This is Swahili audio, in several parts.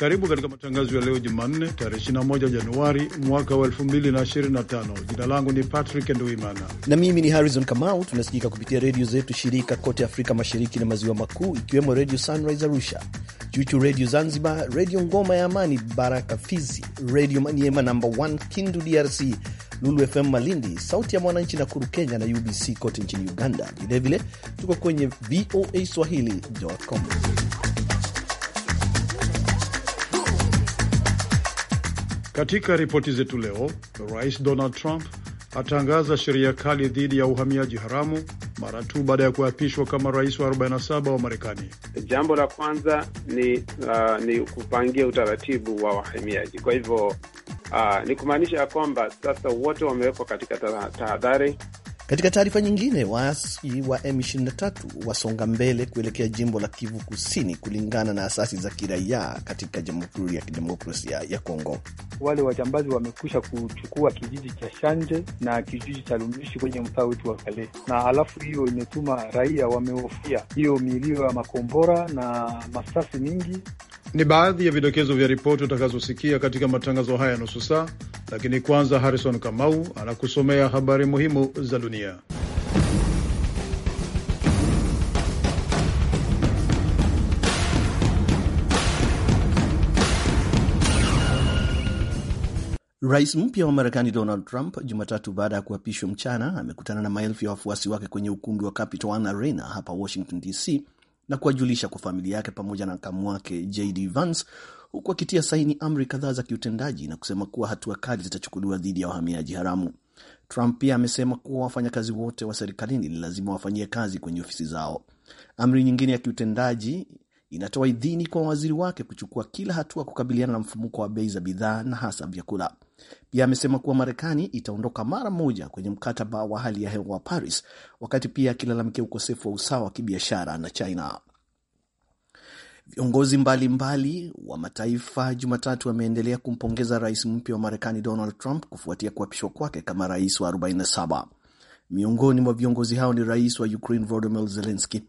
Karibu katika matangazo ya leo Jumanne, tarehe 21 Januari mwaka wa 2025. Jina langu ni Patrick Nduimana na mimi ni Harrison Kamau. Tunasikika kupitia redio zetu shirika kote Afrika Mashariki na Maziwa Makuu, ikiwemo Redio Sunrise Arusha, Chuchu Redio Zanzibar, Redio Ngoma ya Amani, Baraka Fizi, Redio Maniema namba 1 Kindu DRC, Lulu FM Malindi, Sauti ya Mwananchi Nakuru Kenya na UBC kote nchini Uganda. Vilevile tuko kwenye VOA swahili.com. Katika ripoti zetu leo, Rais Donald Trump atangaza sheria kali dhidi ya uhamiaji haramu mara tu baada ya kuapishwa kama rais wa 47 wa Marekani. Jambo la kwanza ni, uh, ni kupangia utaratibu wa wahamiaji. Kwa hivyo uh, ni kumaanisha ya kwamba sasa wote wamewekwa katika tahadhari katika taarifa nyingine, waasi wa M23 wasonga mbele kuelekea jimbo la Kivu Kusini, kulingana na asasi za kiraia katika Jamhuri ya Kidemokrasia ya Kongo. Wale wajambazi wamekwisha kuchukua kijiji cha Shanje na kijiji cha Lumbishi kwenye mtaa wetu wa Kale, na alafu hiyo imetuma raia wamehofia hiyo milio ya makombora na masasi mingi ni baadhi ya vidokezo vya ripoti utakazosikia katika matangazo haya nusu saa, lakini kwanza Harrison Kamau anakusomea habari muhimu za dunia. Rais mpya wa Marekani Donald Trump Jumatatu, baada ya kuapishwa mchana, amekutana na maelfu ya wafuasi wake kwenye ukumbi wa Capitol Arena hapa Washington DC na kuwajulisha kwa familia yake pamoja na kamu wake JD Vance, huku akitia saini amri kadhaa za kiutendaji na kusema kuwa hatua kali zitachukuliwa dhidi ya wahamiaji haramu. Trump pia amesema kuwa wafanyakazi wote wa serikalini ni lazima wafanyie kazi kwenye ofisi zao. Amri nyingine ya kiutendaji inatoa idhini kwa waziri wake kuchukua kila hatua kukabiliana na mfumuko wa bei za bidhaa na hasa vyakula. Pia amesema kuwa Marekani itaondoka mara moja kwenye mkataba wa hali ya hewa wa Paris, wakati pia akilalamikia ukosefu wa usawa wa kibiashara na China. Viongozi mbalimbali mbali wa mataifa Jumatatu wameendelea kumpongeza rais mpya wa Marekani Donald Trump kufuatia kuapishwa kwake kama rais wa 47. Miongoni mwa viongozi hao ni rais wa Ukraine Volodymyr Zelensky.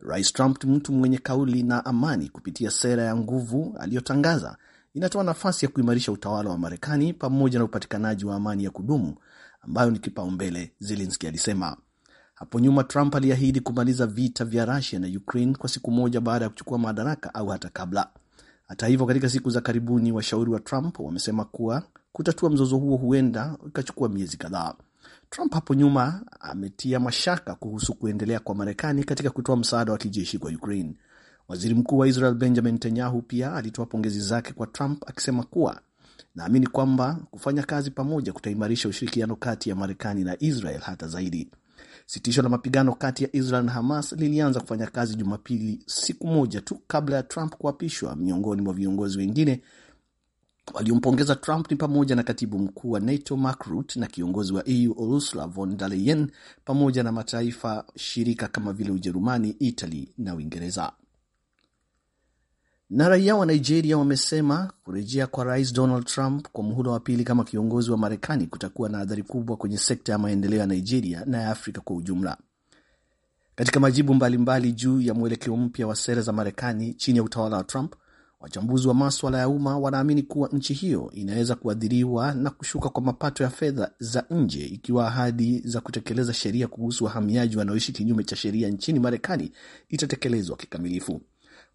Rais Trump ni mtu mwenye kauli na amani kupitia sera ya nguvu aliyotangaza inatoa nafasi ya kuimarisha utawala wa Marekani pamoja na upatikanaji wa amani ya kudumu ambayo ni kipaumbele, Zelenski alisema. Hapo nyuma Trump aliahidi kumaliza vita vya Rusia na Ukraine kwa siku moja baada ya kuchukua madaraka au hata kabla. Hata hivyo, katika siku za karibuni washauri wa Trump wamesema kuwa kutatua mzozo huo huenda ikachukua miezi kadhaa. Trump hapo nyuma ametia mashaka kuhusu kuendelea kwa Marekani katika kutoa msaada wa kijeshi kwa Ukraine. Waziri mkuu wa Israel Benjamin Netanyahu pia alitoa pongezi zake kwa Trump akisema kuwa naamini kwamba kufanya kazi pamoja kutaimarisha ushirikiano kati ya Marekani na Israel hata zaidi. Sitisho la mapigano kati ya Israel na Hamas lilianza kufanya kazi Jumapili, siku moja tu kabla ya Trump kuapishwa. Miongoni mwa viongozi wengine waliompongeza Trump ni pamoja na katibu mkuu wa NATO Mark Rutte na kiongozi wa EU Ursula von der Leyen pamoja na mataifa shirika kama vile Ujerumani, Italy na Uingereza na raia wa Nigeria wamesema kurejea kwa Rais Donald Trump kwa muhula wa pili kama kiongozi wa Marekani kutakuwa na athari kubwa kwenye sekta ya maendeleo ya Nigeria na ya Afrika kwa ujumla. Katika majibu mbalimbali mbali juu ya mwelekeo mpya wa sera za Marekani chini ya utawala wa Trump, wachambuzi wa maswala ya umma wanaamini kuwa nchi hiyo inaweza kuathiriwa na kushuka kwa mapato ya fedha za nje ikiwa ahadi za kutekeleza sheria kuhusu wahamiaji wanaoishi kinyume cha sheria nchini Marekani itatekelezwa kikamilifu.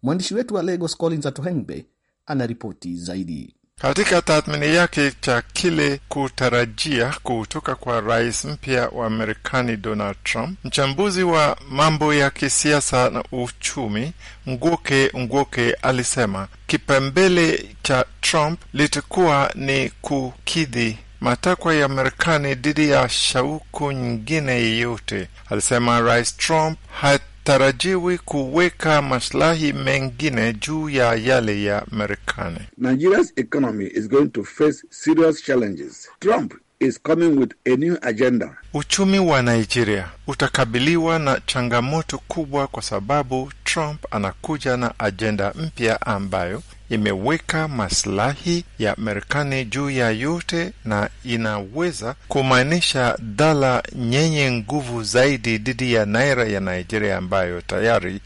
Mwandishi wetu wa Lagos Collins Atohengbe anaripoti zaidi. Katika tathmini yake cha kile kutarajia kutoka kwa rais mpya wa Marekani Donald Trump, mchambuzi wa mambo ya kisiasa na uchumi Ngoke Ngoke alisema kipembele cha Trump litakuwa ni kukidhi matakwa ya Marekani dhidi ya shauku nyingine yeyote Alisema Rais Trump hat tarajiwi kuweka maslahi mengine juu ya yale ya Marekani. Nigeria's economy is going to face serious challenges. Trump is coming with a new agenda. Uchumi wa Nigeria utakabiliwa na changamoto kubwa kwa sababu Trump anakuja na ajenda mpya ambayo imeweka maslahi ya Marekani juu ya yote na inaweza kumaanisha dala nyenye nguvu zaidi dhidi ya naira ya Nigeria ambayo tayari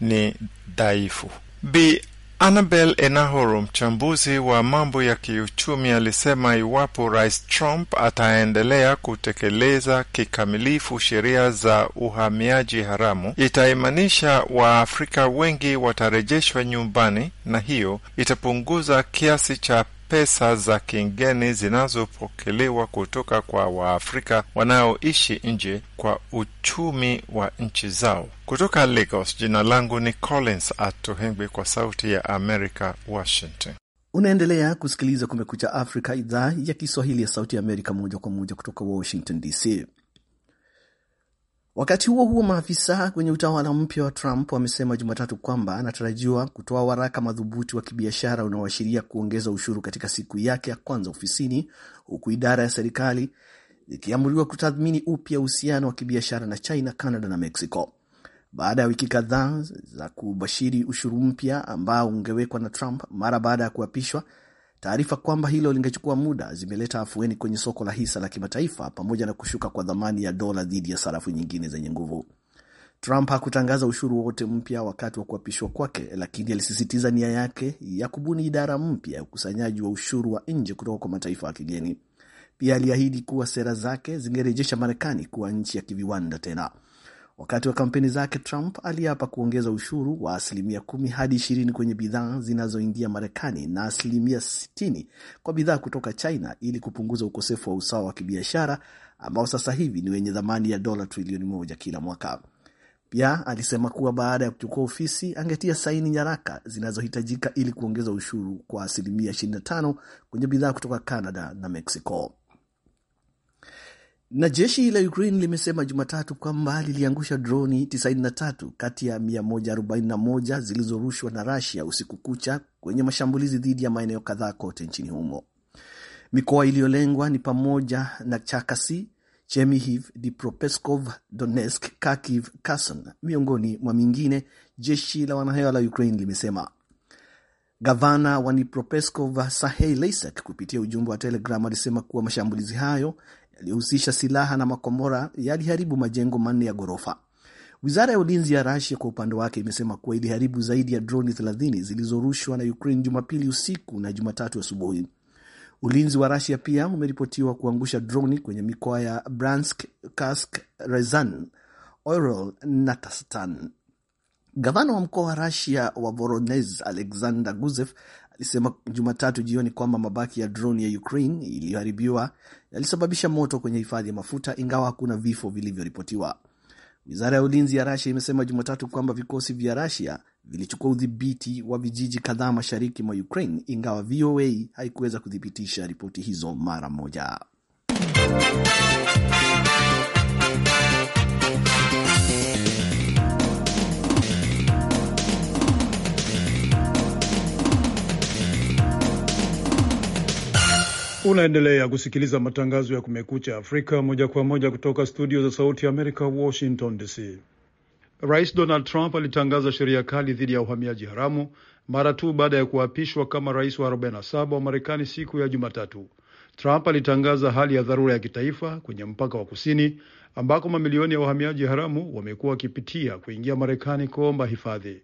ni dhaifu. Bi Annabel Enahoro, mchambuzi wa mambo ya kiuchumi, alisema iwapo Rais Trump ataendelea kutekeleza kikamilifu sheria za uhamiaji haramu, itaimanisha Waafrika wengi watarejeshwa nyumbani na hiyo itapunguza kiasi cha pesa za kigeni zinazopokelewa kutoka kwa Waafrika wanaoishi nje kwa uchumi wa nchi zao. Kutoka Lagos, jina langu ni Collins atohengwi kwa Sauti ya Amerika, Washington. Unaendelea kusikiliza Kumekucha Afrika, idhaa ya Kiswahili ya Sauti ya Amerika, moja kwa moja kutoka Washington DC. Wakati huo huo, maafisa kwenye utawala mpya wa Trump wamesema Jumatatu kwamba anatarajiwa kutoa waraka madhubuti wa kibiashara unaoashiria kuongeza ushuru katika siku yake ya kwanza ofisini, huku idara ya serikali zikiamuriwa kutathmini upya uhusiano wa kibiashara na China, Canada na Mexico baada ya wiki kadhaa za kubashiri ushuru mpya ambao ungewekwa na Trump mara baada ya kuapishwa. Taarifa kwamba hilo lingechukua muda zimeleta afueni kwenye soko la hisa la kimataifa pamoja na kushuka kwa dhamani ya dola dhidi ya sarafu nyingine zenye nguvu. Trump hakutangaza ushuru wowote mpya wakati wa kuapishwa kwake, lakini alisisitiza nia yake ya kubuni idara mpya ya ukusanyaji wa ushuru wa nje kutoka kwa mataifa ya kigeni. Pia aliahidi kuwa sera zake zingerejesha Marekani kuwa nchi ya kiviwanda tena. Wakati wa kampeni zake, Trump aliapa kuongeza ushuru wa asilimia kumi hadi ishirini kwenye bidhaa zinazoingia Marekani na asilimia sitini kwa bidhaa kutoka China ili kupunguza ukosefu wa usawa wa kibiashara ambao sasa hivi ni wenye thamani ya dola trilioni moja kila mwaka. Pia alisema kuwa baada ya kuchukua ofisi angetia saini nyaraka zinazohitajika ili kuongeza ushuru kwa asilimia 25 kwenye bidhaa kutoka Canada na Mexico. Na jeshi la Ukraine limesema Jumatatu kwamba liliangusha droni 93 kati ya 141 zilizorushwa na Russia usiku kucha kwenye mashambulizi dhidi ya maeneo kadhaa kote nchini humo. Mikoa iliyolengwa ni pamoja na Chakasi, Chemihiv, Dipropeskov, Donetsk, Kakiv, Kason, miongoni mwa mingine, jeshi la wanahewa la Ukraine limesema. Gavana wa Nipropeskov Sahei Leisak kupitia ujumbe wa Telegram alisema kuwa mashambulizi hayo yaliyohusisha silaha na makombora yaliharibu majengo manne ya ghorofa. Wizara ya ulinzi ya Rasia kwa upande wake imesema kuwa iliharibu zaidi ya droni 30 zilizorushwa na Ukraine Jumapili usiku na Jumatatu asubuhi. Ulinzi wa Rasia pia umeripotiwa kuangusha droni kwenye mikoa ya Bransk, Kursk, Rezan, Oryol na Tastan. Gavana wa mkoa wa Rasia wa Voronez, Alexander Guzev alisema Jumatatu jioni kwamba mabaki ya droni ya Ukraine iliyoharibiwa yalisababisha moto kwenye hifadhi ya mafuta, ingawa hakuna vifo vilivyoripotiwa. Wizara ya ulinzi ya Rasia imesema Jumatatu kwamba vikosi vya Rasia vilichukua udhibiti wa vijiji kadhaa mashariki mwa Ukraine, ingawa VOA haikuweza kuthibitisha ripoti hizo mara moja. Unaendelea kusikiliza matangazo ya Kumekucha Afrika moja kwa moja kutoka studio za Sauti ya Amerika, Washington DC. Rais Donald Trump alitangaza sheria kali dhidi ya uhamiaji haramu mara tu baada ya kuapishwa kama rais wa 47 wa Marekani siku ya Jumatatu. Trump alitangaza hali ya dharura ya kitaifa kwenye mpaka wa kusini ambako mamilioni ya wahamiaji haramu wamekuwa wakipitia kuingia Marekani kuomba hifadhi.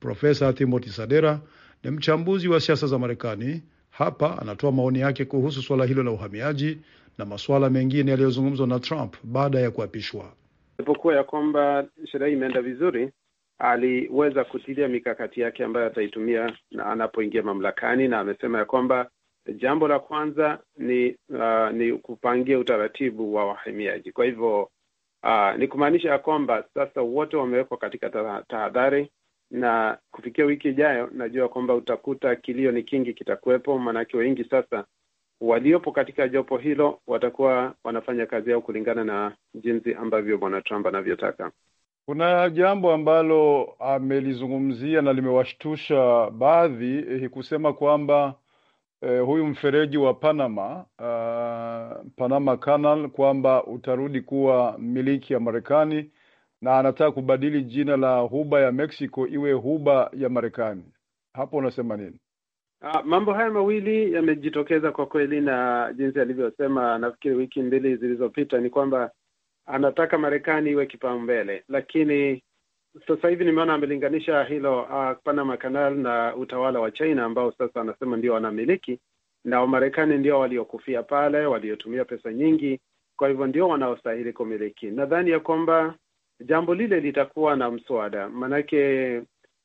Profesa Timothy Sadera ni mchambuzi wa siasa za Marekani hapa anatoa maoni yake kuhusu suala hilo la uhamiaji na masuala mengine yaliyozungumzwa na Trump baada ya kuapishwa. Alipokuwa ya kwamba sherehe imeenda vizuri, aliweza kutilia mikakati yake ambayo ataitumia na anapoingia mamlakani, na amesema ya kwamba jambo la kwanza ni uh, ni kupangia utaratibu wa wahamiaji. Kwa hivyo uh, ni kumaanisha ya kwamba sasa wote wamewekwa katika tahadhari na kufikia wiki ijayo, najua kwamba utakuta kilio ni kingi kitakuwepo, maanake wengi sasa waliopo katika jopo hilo watakuwa wanafanya kazi yao kulingana na jinsi ambavyo bwana Trump anavyotaka. Kuna jambo ambalo amelizungumzia na limewashtusha baadhi, eh, kusema kwamba eh, huyu mfereji wa Panama uh, Panama Canal kwamba utarudi kuwa miliki ya Marekani na anataka kubadili jina la huba ya Mexico iwe huba ya Marekani. Hapo unasema nini? Uh, mambo haya mawili yamejitokeza kwa kweli, na jinsi alivyosema, nafikiri wiki mbili zilizopita, ni kwamba anataka Marekani iwe kipaumbele, lakini sasa hivi nimeona amelinganisha hilo uh, Panama Canal na utawala wa China ambao sasa anasema ndio wanamiliki na Wamarekani ndio waliokufia pale, waliotumia pesa nyingi, kwa hivyo ndio wanaostahili kumiliki. Nadhani ya kwamba jambo lile litakuwa na mswada, manake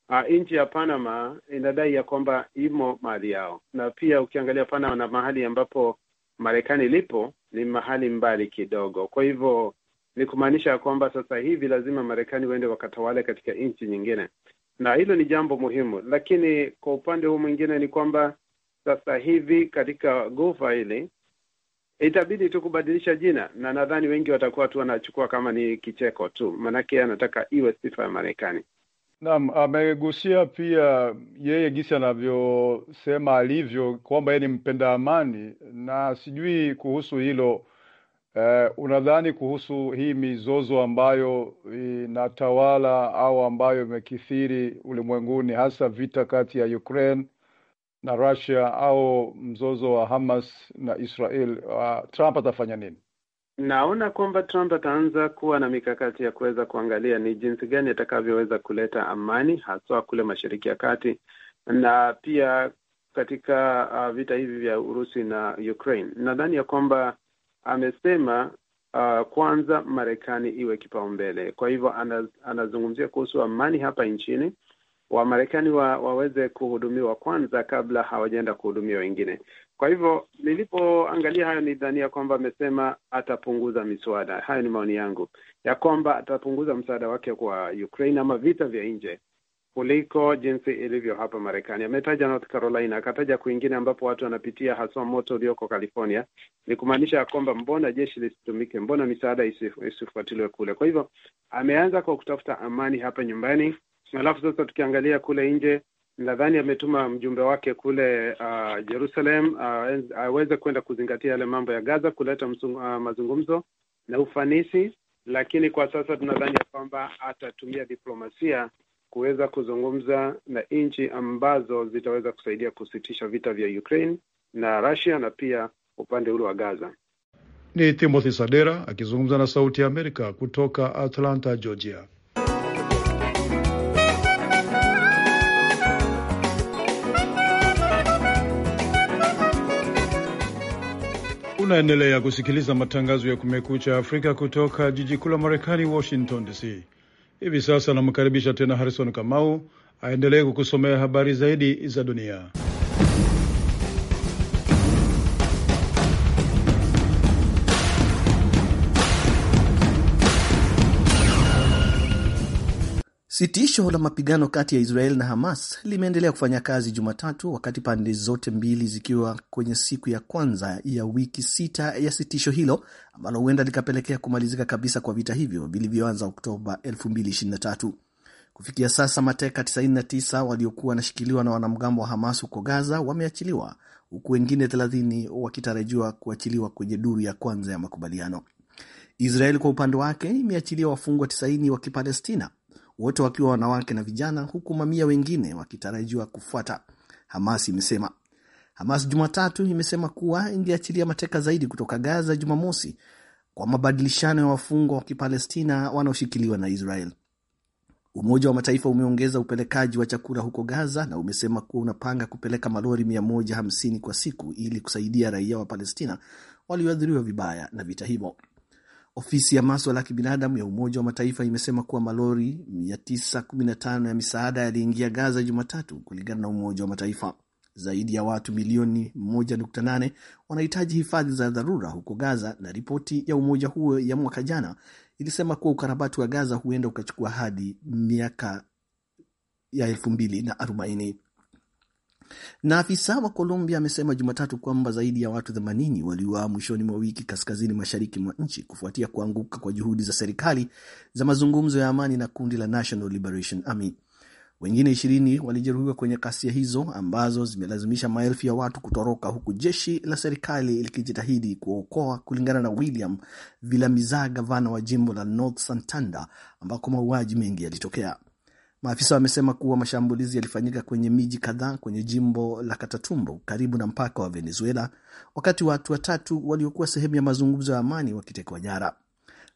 uh, nchi ya Panama inadai ya kwamba imo mali yao, na pia ukiangalia Panama na mahali ambapo Marekani lipo ni mahali mbali kidogo, kwa hivyo ni kumaanisha ya kwamba sasa hivi lazima Marekani waende wakatawale katika nchi nyingine, na hilo ni jambo muhimu. Lakini kwa upande huu mwingine ni kwamba sasa hivi katika gufa hili itabidi tu kubadilisha jina, na nadhani wengi watakuwa tu wanachukua kama ni kicheko tu, maanake anataka iwe sifa ya Marekani. Naam, amegusia pia yeye gisi anavyosema alivyo kwamba yeye ni mpenda amani, na sijui kuhusu hilo eh, unadhani kuhusu hii mizozo ambayo inatawala au ambayo imekithiri ulimwenguni, hasa vita kati ya Ukraine na Russia au mzozo wa Hamas na Israel, uh, Trump atafanya nini? Naona kwamba Trump ataanza kuwa na mikakati ya kuweza kuangalia ni jinsi gani atakavyoweza kuleta amani haswa kule Mashariki ya Kati na pia katika uh, vita hivi vya Urusi na Ukraine. Nadhani ya kwamba amesema uh, kwanza Marekani iwe kipaumbele. Kwa hivyo anaz, anazungumzia kuhusu amani hapa nchini Wamarekani wa, waweze kuhudumiwa kwanza kabla hawajaenda kuhudumia wengine. Kwa hivyo nilipoangalia hayo, ya kwamba amesema atapunguza miswada. Hayo ni maoni yangu ya kwamba atapunguza msaada wake kwa Ukraine ama vita vya nje kuliko jinsi ilivyo hapa Marekani. Ametaja North Carolina, akataja kwingine ambapo watu wanapitia haswa moto ulioko California. Ni kumaanisha ya kwamba mbona jeshi lisitumike, mbona misaada isifuatiliwe kule? Kwa hivyo ameanza kwa kutafuta amani hapa nyumbani Alafu sasa tukiangalia kule nje, nadhani ametuma mjumbe wake kule uh, Jerusalem uh, aweze kwenda kuzingatia yale mambo ya Gaza, kuleta msungu, uh, mazungumzo na ufanisi, lakini kwa sasa tunadhani ya kwamba atatumia diplomasia kuweza kuzungumza na nchi ambazo zitaweza kusaidia kusitisha vita vya Ukraine na Russia na pia upande ule wa Gaza. Ni Timothy Sadera akizungumza na Sauti ya Amerika kutoka Atlanta, Georgia. Unaendelea kusikiliza matangazo ya Kumekucha Afrika kutoka jiji kuu la Marekani, Washington DC. Hivi sasa anamkaribisha tena Harrison Kamau aendelee kukusomea habari zaidi za dunia. Sitisho la mapigano kati ya Israel na Hamas limeendelea kufanya kazi Jumatatu, wakati pande zote mbili zikiwa kwenye siku ya kwanza ya wiki sita ya sitisho hilo ambalo huenda likapelekea kumalizika kabisa kwa vita hivyo vilivyoanza Oktoba 2023. Kufikia sasa mateka 99 waliokuwa wanashikiliwa na wanamgambo wa Hamas huko Gaza wameachiliwa huku wengine 30 wakitarajiwa kuachiliwa kwenye duru ya kwanza ya makubaliano. Israel kwa upande wake imeachilia wafungwa 90 wa Kipalestina wote wakiwa wanawake na vijana, huku mamia wengine wakitarajiwa kufuata, Hamas imesema. Hamas Jumatatu imesema kuwa ingeachilia mateka zaidi kutoka Gaza Jumamosi kwa mabadilishano ya wafungwa wa Kipalestina wanaoshikiliwa na Israel. Umoja wa Mataifa umeongeza upelekaji wa chakula huko Gaza na umesema kuwa unapanga kupeleka malori 150 kwa siku ili kusaidia raia wa Palestina walioathiriwa vibaya na vita hivyo. Ofisi ya maswala ya kibinadamu ya Umoja wa Mataifa imesema kuwa malori 915 ya misaada yaliingia Gaza Jumatatu, kulingana na Umoja wa Mataifa. Zaidi ya watu milioni 1.8 wanahitaji hifadhi za dharura huko Gaza, na ripoti ya umoja huo ya mwaka jana ilisema kuwa ukarabati wa Gaza huenda ukachukua hadi miaka ya 2040. Na afisa wa Colombia amesema Jumatatu kwamba zaidi ya watu 80 waliuawa mwishoni mwa wiki kaskazini mashariki mwa nchi kufuatia kuanguka kwa juhudi za serikali za mazungumzo ya amani na kundi la National Liberation Army. Wengine ishirini walijeruhiwa kwenye kasia hizo ambazo zimelazimisha maelfu ya watu kutoroka huku jeshi la serikali likijitahidi kuokoa, kulingana na William Vilamiza, gavana wa jimbo la North Santander ambako mauaji mengi yalitokea. Maafisa wamesema kuwa mashambulizi yalifanyika kwenye miji kadhaa kwenye jimbo la Katatumbo karibu na mpaka wa Venezuela, wakati watu watatu waliokuwa sehemu ya mazungumzo ya amani wakitekwa nyara.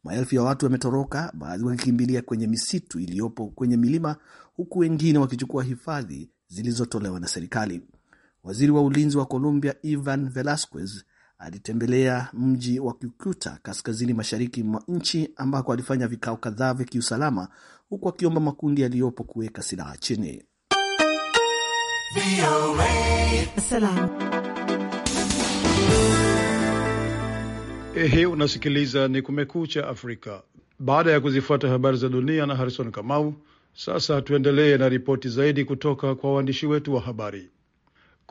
Maelfu ya watu wametoroka, baadhi wakikimbilia kwenye misitu iliyopo kwenye milima, huku wengine wakichukua hifadhi zilizotolewa na serikali. Waziri wa ulinzi wa Colombia Ivan Velasquez Alitembelea mji wa Kukuta kaskazini mashariki mwa nchi ambako alifanya vikao kadhaa vya kiusalama huku akiomba makundi yaliyopo kuweka silaha chini. Eh, hii unasikiliza ni Kumekucha Afrika. Baada ya kuzifuata habari za dunia na Harrison Kamau, sasa tuendelee na ripoti zaidi kutoka kwa waandishi wetu wa habari.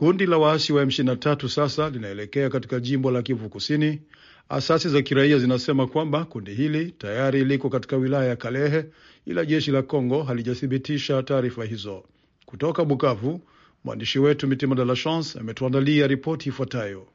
Kundi la waasi wa M23 sasa linaelekea katika jimbo la Kivu Kusini. Asasi za kiraia zinasema kwamba kundi hili tayari liko katika wilaya ya Kalehe, ila jeshi la Kongo halijathibitisha taarifa hizo. Kutoka Bukavu, mwandishi wetu Mitima de la Chance ametuandalia ripoti ifuatayo.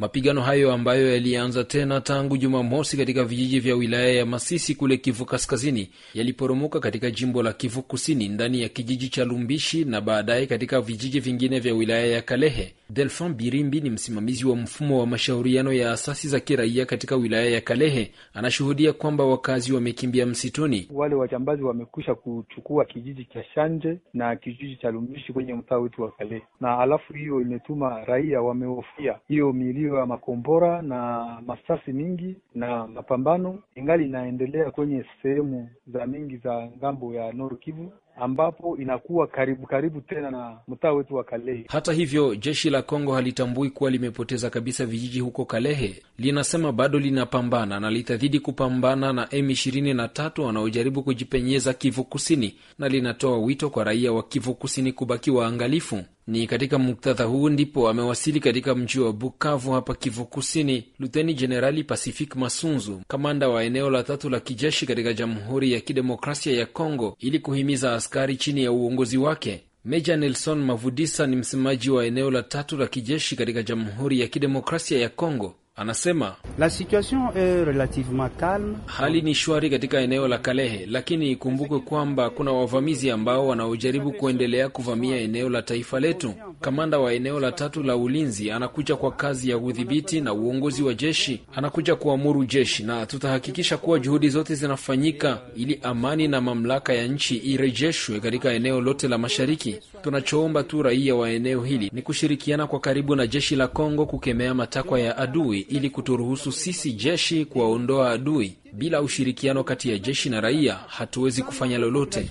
Mapigano hayo ambayo yalianza tena tangu Jumamosi katika vijiji vya wilaya ya Masisi kule Kivu Kaskazini yaliporomoka katika jimbo la Kivu Kusini ndani ya kijiji cha Lumbishi na baadaye katika vijiji vingine vya wilaya ya Kalehe. Delfin Birimbi ni msimamizi wa mfumo wa mashauriano ya asasi za kiraia katika wilaya ya Kalehe. Anashuhudia kwamba wakazi wamekimbia msituni. Wale wajambazi wamekwisha kuchukua kijiji cha Shanje na kijiji cha Lumbishi kwenye mtaa wetu wa Kalehe, na alafu hiyo imetuma raia wamehofia hiyo milio mlio wa makombora na masasi mingi na mapambano ingali inaendelea kwenye sehemu za mingi za ngambo ya Nord Kivu ambapo inakuwa karibu karibu tena na mtaa wetu wa Kalehe. Hata hivyo, jeshi la Kongo halitambui kuwa limepoteza kabisa vijiji huko Kalehe. Linasema bado linapambana na litadhidi kupambana na M23 wanaojaribu kujipenyeza Kivu Kusini, na linatoa wito kwa raia wa Kivu Kusini kubaki waangalifu. Ni katika muktadha huu ndipo amewasili katika mji wa Bukavu hapa Kivu Kusini, Luteni Jenerali Pacific Masunzu, kamanda wa eneo la tatu la kijeshi katika Jamhuri ya Kidemokrasia ya Kongo, ili kuhimiza askari chini ya uongozi wake. Meja Nelson Mavudisa ni msemaji wa eneo la tatu la kijeshi katika Jamhuri ya Kidemokrasia ya Kongo Anasema la situation est relativement calme. Hali ni shwari katika eneo la Kalehe, lakini ikumbukwe kwamba kuna wavamizi ambao wanaojaribu kuendelea kuvamia eneo la taifa letu. Kamanda wa eneo la tatu la ulinzi anakuja kwa kazi ya udhibiti na uongozi wa jeshi, anakuja kuamuru jeshi, na tutahakikisha kuwa juhudi zote zinafanyika ili amani na mamlaka ya nchi irejeshwe katika eneo lote la mashariki. Tunachoomba tu raia wa eneo hili ni kushirikiana kwa karibu na jeshi la Kongo kukemea matakwa ya adui ili kuturuhusu sisi jeshi kuwaondoa adui bila ushirikiano kati ya jeshi na raia, hatuwezi kufanya lolote.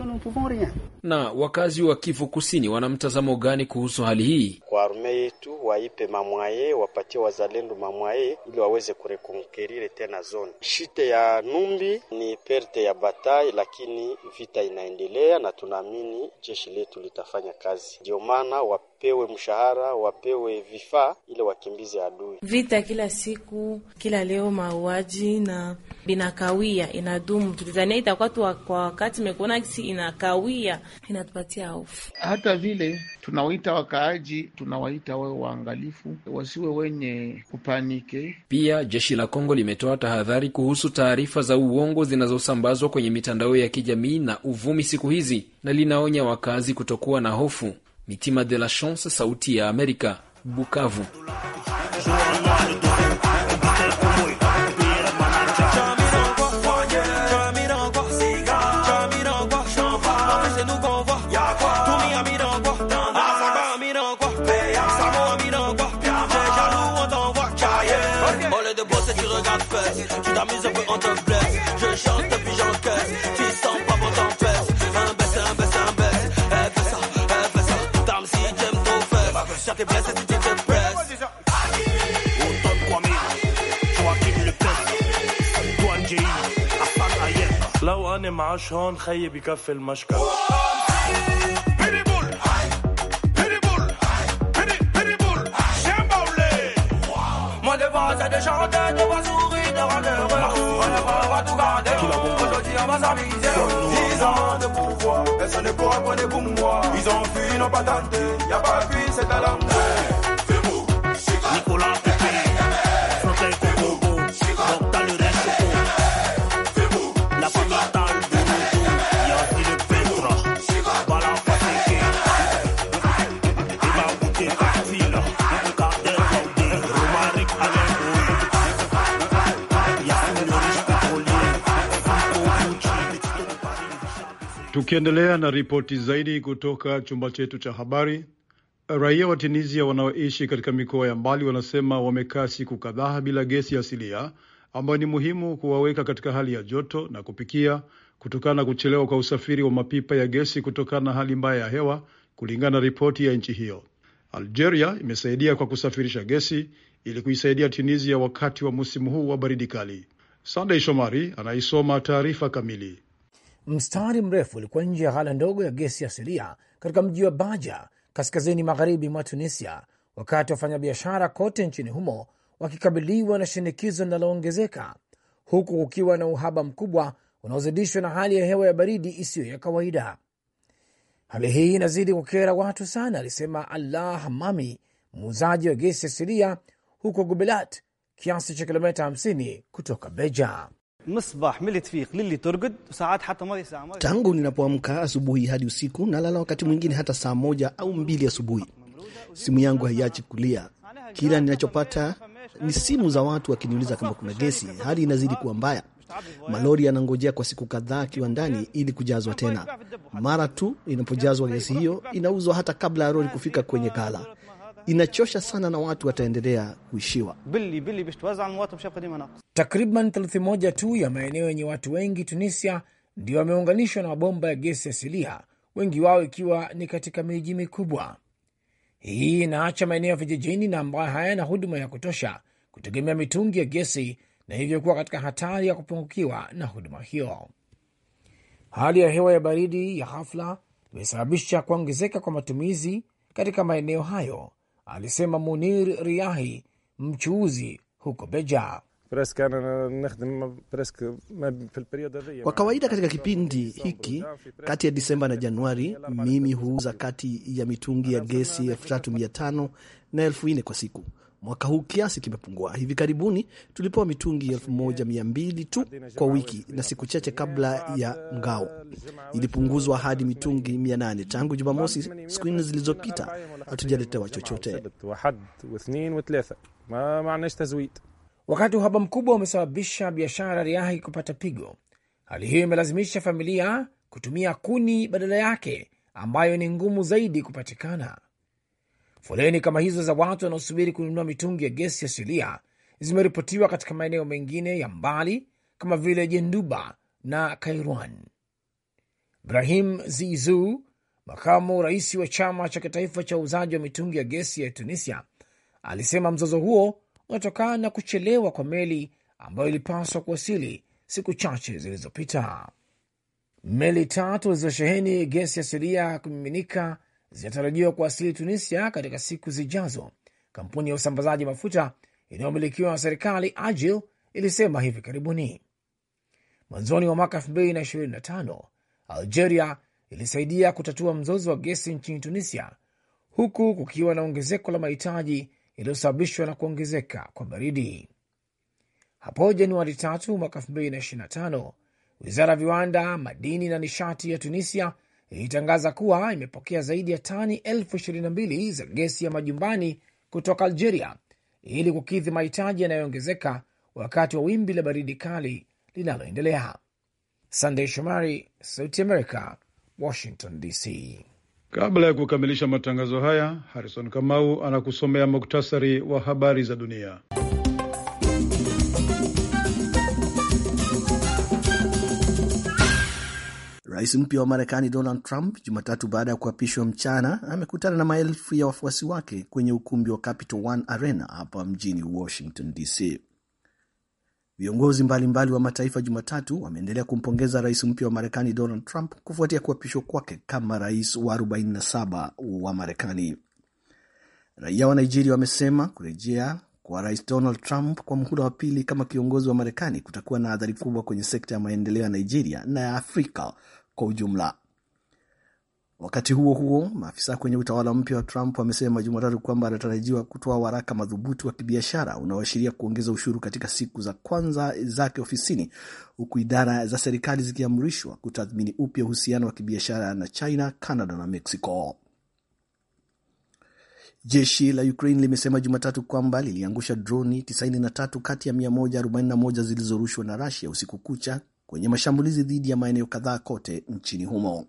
Na wakazi wa Kivu Kusini wana mtazamo gani kuhusu hali hii? Kwa arme yetu waipe mamwaye, wapatie wazalendo mamwaye ili waweze kurekonkerire tena zone. Shite ya Numbi ni perte ya batai, lakini vita inaendelea na tunaamini jeshi letu litafanya kazi, ndio maana wapewe mshahara, wapewe vifaa ili wakimbize adui. Vita kila siku, kila leo mauaji na bina inakawia, inadumu. tulizania itakuwa tu kwa wakati, mekuona kisi inakawia, inatupatia hofu. Hata vile tunawaita wakaaji, tunawaita wawe waangalifu, wasiwe wenye kupanike. Pia jeshi la Kongo limetoa tahadhari kuhusu taarifa za uongo zinazosambazwa kwenye mitandao ya kijamii na uvumi siku hizi, na linaonya wakazi kutokuwa na hofu. Mitima de la Chance, Sauti ya Amerika, Bukavu. معاش هون خيي بكفي Ils ont Tukiendelea na ripoti zaidi kutoka chumba chetu cha habari, raia wa Tunisia wanaoishi katika mikoa ya mbali wanasema wamekaa siku kadhaa bila gesi asilia ambayo ni muhimu kuwaweka katika hali ya joto na kupikia kutokana na kuchelewa kwa usafiri wa mapipa ya gesi kutokana na hali mbaya ya hewa, kulingana na ripoti ya nchi hiyo. Algeria imesaidia kwa kusafirisha gesi ili kuisaidia Tunisia wakati wa msimu huu wa baridi kali. sandey Shomari anaisoma taarifa kamili. Mstari mrefu ulikuwa nje ya ghala ndogo ya gesi asilia katika mji wa Baja kaskazini magharibi mwa Tunisia, wakati wafanyabiashara kote nchini humo wakikabiliwa na shinikizo linaloongezeka, huku kukiwa na uhaba mkubwa unaozidishwa na hali ya hewa ya baridi isiyo ya kawaida. Hali hii inazidi kukera watu sana, alisema Allah Hamami, muuzaji wa gesi asilia huko Gubelat, kiasi cha kilomita 50 kutoka Beja. Lili Turgud, saat hata saa Tangu ninapoamka asubuhi hadi usiku nalala wakati mwingine hata saa moja au mbili asubuhi. Simu yangu haiachi kulia, kila ninachopata ni simu za watu wakiniuliza kama kuna gesi. Hali inazidi kuwa mbaya. Malori yanangojea kwa siku kadhaa kiwandani ili kujazwa tena. Mara tu inapojazwa gesi hiyo inauzwa hata kabla ya lori kufika kwenye ghala inachosha sana na watu wataendelea kuishiwa. Takriban theluthi moja tu ya maeneo yenye watu wengi Tunisia ndio wameunganishwa na mabomba ya gesi asilia, wengi wao ikiwa ni katika miji mikubwa. Hii inaacha maeneo ya vijijini na ambayo hayana huduma ya kutosha kutegemea mitungi ya gesi na hivyo kuwa katika hatari ya kupungukiwa na huduma hiyo. Hali ya hewa ya baridi ya ghafla imesababisha kuongezeka kwa matumizi katika maeneo hayo alisema Munir Riahi, mchuuzi huko Beja. Kwa kawaida katika kipindi hiki kati ya Disemba na Januari, mimi huuza kati ya mitungi ya gesi elfu na elfu kwa siku. Mwaka huu kiasi kimepungua. Hivi karibuni tulipewa mitungi elfu tu kwa wiki, na siku chache kabla ya ngao ilipunguzwa hadi mitungi 8 tangu Jumamosi siku nne zilizopita, hatujaletewa chochote. Wakati uhaba mkubwa umesababisha biashara riahi kupata pigo, hali hiyo imelazimisha familia kutumia kuni badala yake, ambayo ni ngumu zaidi kupatikana. Foleni kama hizo za watu wanaosubiri kununua mitungi ya gesi asilia zimeripotiwa katika maeneo mengine ya mbali kama vile Jenduba na Kairuan. Brahim Zizu Makamu rais wa chama cha kitaifa cha uuzaji wa mitungi ya gesi ya Tunisia alisema mzozo huo unatokana na kuchelewa kwa meli ambayo ilipaswa kuwasili siku chache zilizopita. Meli tatu zilizosheheni gesi asilia kumiminika zinatarajiwa kuwasili Tunisia katika siku zijazo, kampuni ya usambazaji mafuta inayomilikiwa na serikali Agil ilisema hivi karibuni. Mwanzoni mwa mwaka 2025 Algeria ilisaidia kutatua mzozo wa gesi nchini Tunisia, huku kukiwa na ongezeko la mahitaji yaliyosababishwa na kuongezeka kwa baridi. Hapo Januari tatu mwaka 2025 wizara ya viwanda, madini na nishati ya Tunisia ilitangaza kuwa imepokea zaidi ya tani elfu ishirini za gesi ya majumbani kutoka Algeria ili kukidhi mahitaji yanayoongezeka wakati wa wimbi la baridi kali linaloendelea. Sandey Shomari, Sauti America, Washington DC. Kabla ya kukamilisha matangazo haya, Harrison Kamau anakusomea muktasari wa habari za dunia. Rais mpya wa Marekani Donald Trump Jumatatu, baada ya kuapishwa mchana, amekutana na maelfu ya wafuasi wake kwenye ukumbi wa Capital One Arena hapa mjini Washington DC. Viongozi mbalimbali wa mataifa Jumatatu wameendelea kumpongeza rais mpya wa Marekani Donald Trump kufuatia kuapishwa kwake kama rais wa 47 wa Marekani. Raia wa Nigeria wamesema kurejea kwa rais Donald Trump kwa mhula wa pili kama kiongozi wa Marekani kutakuwa na athari kubwa kwenye sekta ya maendeleo ya Nigeria na ya Afrika kwa ujumla. Wakati huo huo, maafisa kwenye utawala mpya wa Trump wamesema Jumatatu kwamba anatarajiwa kutoa waraka madhubuti wa kibiashara unaoashiria kuongeza ushuru katika siku za kwanza zake ofisini, huku idara za serikali zikiamrishwa kutathmini upya uhusiano wa kibiashara na China, Canada na Mexico. Jeshi la Ukraine limesema Jumatatu kwamba liliangusha droni 93 kati ya 141 zilizorushwa na rasia usiku kucha kwenye mashambulizi dhidi ya maeneo kadhaa kote nchini humo.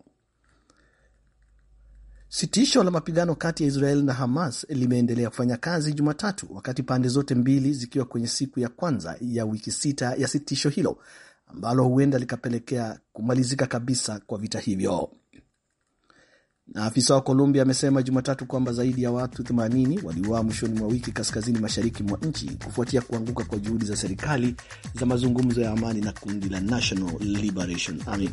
Sitisho la mapigano kati ya Israel na Hamas limeendelea kufanya kazi Jumatatu, wakati pande zote mbili zikiwa kwenye siku ya kwanza ya wiki sita ya sitisho hilo ambalo huenda likapelekea kumalizika kabisa kwa vita hivyo. Na afisa wa Colombia amesema Jumatatu kwamba zaidi ya watu 80 waliuawa mwishoni mwa wiki kaskazini mashariki mwa nchi kufuatia kuanguka kwa juhudi za serikali za mazungumzo ya amani na kundi la National Liberation Army.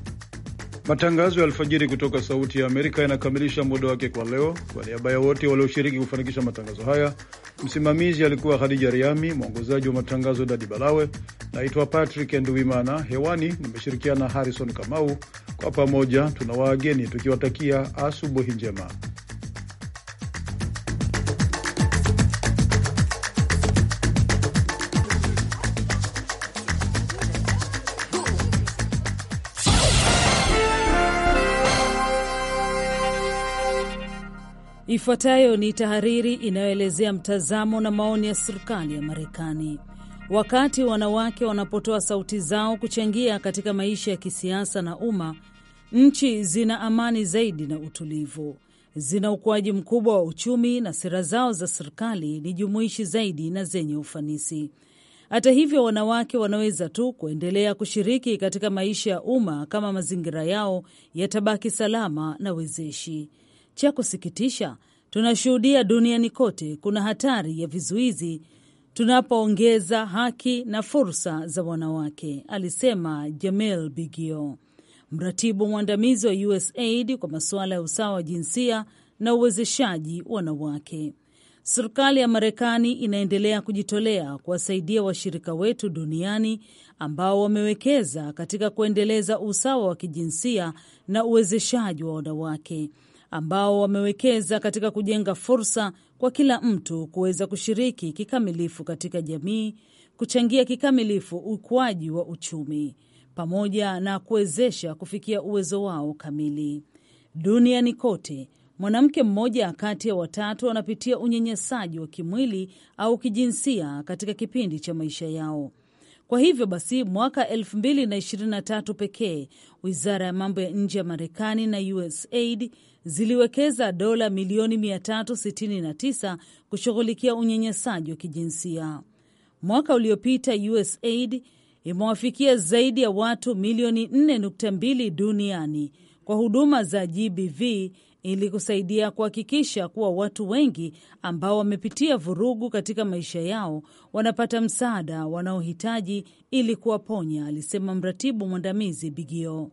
Matangazo ya alfajiri kutoka Sauti ya Amerika yanakamilisha muda wake kwa leo. Kwa niaba ya wote walioshiriki kufanikisha matangazo haya, msimamizi alikuwa Hadija Riami, mwongozaji wa matangazo Dadi Balawe. Naitwa Patrick Nduwimana, hewani nimeshirikiana na Harrison Kamau. Kwa pamoja tuna waageni tukiwatakia asubuhi njema. Ifuatayo ni tahariri inayoelezea mtazamo na maoni ya serikali ya Marekani. Wakati wanawake wanapotoa sauti zao kuchangia katika maisha ya kisiasa na umma, nchi zina amani zaidi na utulivu, zina ukuaji mkubwa wa uchumi na sera zao za serikali ni jumuishi zaidi na zenye ufanisi. Hata hivyo, wanawake wanaweza tu kuendelea kushiriki katika maisha ya umma kama mazingira yao yatabaki salama na wezeshi. Cha kusikitisha, tunashuhudia duniani kote kuna hatari ya vizuizi tunapoongeza haki na fursa za wanawake, alisema Jamel Bigio, mratibu mwandamizi wa USAID kwa masuala ya usawa wa jinsia na uwezeshaji wanawake. Serikali ya Marekani inaendelea kujitolea kuwasaidia washirika wetu duniani ambao wamewekeza katika kuendeleza usawa wa kijinsia na uwezeshaji wa wanawake ambao wamewekeza katika kujenga fursa kwa kila mtu kuweza kushiriki kikamilifu katika jamii, kuchangia kikamilifu ukuaji wa uchumi pamoja na kuwezesha kufikia uwezo wao kamili. Duniani kote, mwanamke mmoja kati ya watatu anapitia unyanyasaji wa kimwili au kijinsia katika kipindi cha maisha yao. Kwa hivyo basi, mwaka 2023 pekee, wizara ya mambo ya nje ya Marekani na USAID ziliwekeza dola milioni 369 kushughulikia unyanyasaji wa kijinsia. Mwaka uliopita USAID imewafikia zaidi ya watu milioni 4.2 duniani kwa huduma za GBV ili kusaidia kuhakikisha kuwa watu wengi ambao wamepitia vurugu katika maisha yao wanapata msaada wanaohitaji ili kuwaponya, alisema mratibu mwandamizi Bigio.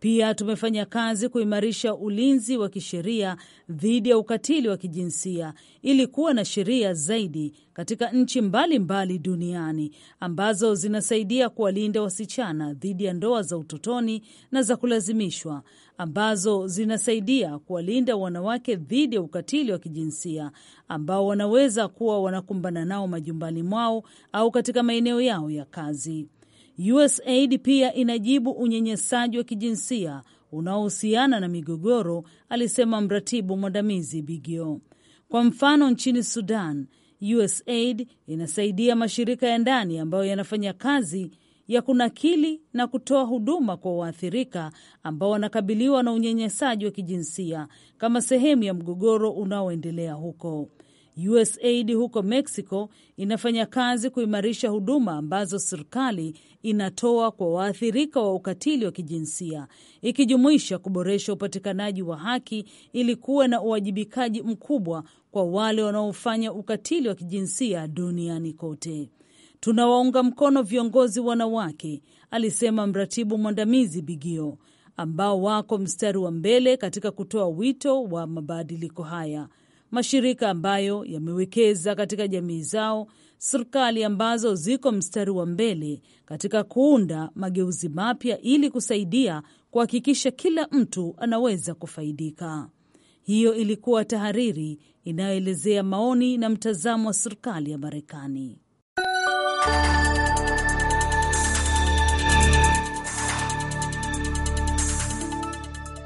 Pia tumefanya kazi kuimarisha ulinzi wa kisheria dhidi ya ukatili wa kijinsia ili kuwa na sheria zaidi katika nchi mbalimbali mbali duniani ambazo zinasaidia kuwalinda wasichana dhidi ya ndoa za utotoni na za kulazimishwa, ambazo zinasaidia kuwalinda wanawake dhidi ya ukatili wa kijinsia ambao wanaweza kuwa wanakumbana nao majumbani mwao au katika maeneo yao ya kazi. USAID pia inajibu unyanyasaji wa kijinsia unaohusiana na migogoro, alisema mratibu mwandamizi Bigio. Kwa mfano, nchini Sudan, USAID inasaidia mashirika ya ndani ambayo yanafanya kazi ya kunakili na kutoa huduma kwa waathirika ambao wanakabiliwa na unyanyasaji wa kijinsia kama sehemu ya mgogoro unaoendelea huko. USAID huko Mexico inafanya kazi kuimarisha huduma ambazo serikali inatoa kwa waathirika wa ukatili wa kijinsia ikijumuisha kuboresha upatikanaji wa haki ili kuwe na uwajibikaji mkubwa kwa wale wanaofanya ukatili wa kijinsia duniani kote. Tunawaunga mkono viongozi wanawake, alisema mratibu mwandamizi Bigio, ambao wako mstari wa mbele katika kutoa wito wa mabadiliko haya mashirika ambayo yamewekeza katika jamii zao, serikali ambazo ziko mstari wa mbele katika kuunda mageuzi mapya ili kusaidia kuhakikisha kila mtu anaweza kufaidika. Hiyo ilikuwa tahariri inayoelezea maoni na mtazamo wa serikali ya Marekani.